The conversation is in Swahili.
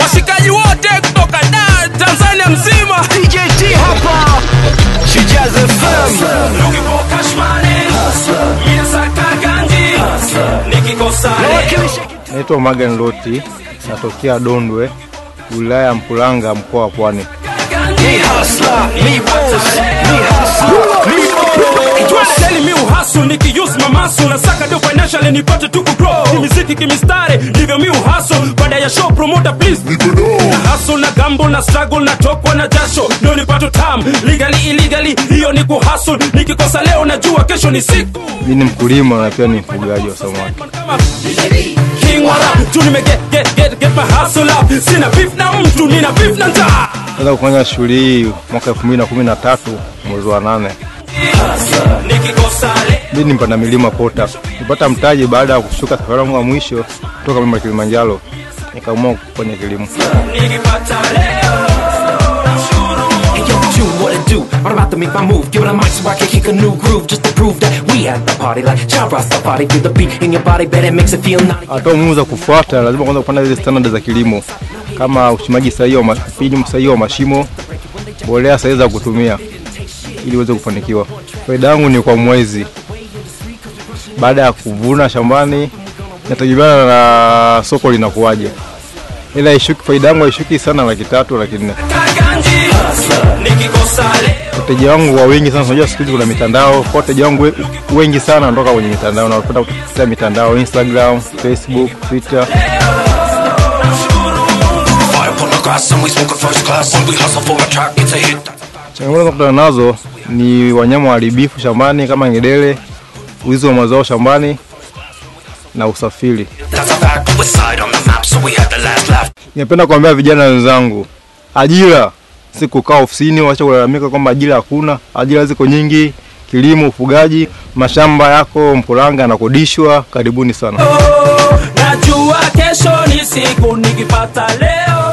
washikaji wote kutoka Tanzania mzima, Naitwa Magan Loti, natokea Dondwe, wilaya ya mpulanga mkoa wa Pwani. hustle na saka ndio financial nipate tu kugrow kimiziki kimistare ndivyo mi hustle baada ya show promoter please haso na gambo na struggle na tokwa na jasho ndio nipato tam legally illegally hiyo ni ku kuhaso nikikosa leo najua kesho ni siku mi ni mkulima na pia ni mfugaji wa samaki king wala tu nime get get get get my hustle up sina beef na mtu nina beef na njaa naweza kufanya shughuli hii mwaka 2013 mwezi wa 8 Mi ni mpanda milima pota, nipata mtaji baada ya kushuka safari yangu ya mwisho kutoka mlima Kilimanjaro, nikaamua kufanya kilimo. Hatua muhimu za kufuata, lazima kwanza kupanda zile standard za kilimo kama uchimaji sahihi wa mashimo, mbolea sahihi za kutumia ili uweze kufanikiwa. Faida yangu ni kwa mwezi, baada ya kuvuna shambani, nategemeana na soko linakuwaje, ila ishuki faida yangu haishuki sana, laki tatu laki nne. Wateja wangu wa wengi sana, unajua siku hizi kuna mitandao, kwa wateja wangu wengi sana wanatoka kwenye mitandao na wanapenda kutumia mitandao, Instagram, Facebook, Twitter. Class first class Changamoto kutana nazo ni wanyama waharibifu shambani kama ngedele wizi wa mazao shambani na usafiri. Ningependa kuambia vijana wenzangu, ajira si kukaa ofisini, waache kulalamika kwamba ajira hakuna. Ajira ziko nyingi, kilimo, ufugaji, mashamba yako Mkuranga yanakodishwa. Karibuni sana. Oh, najua kesho ni siku nikipata leo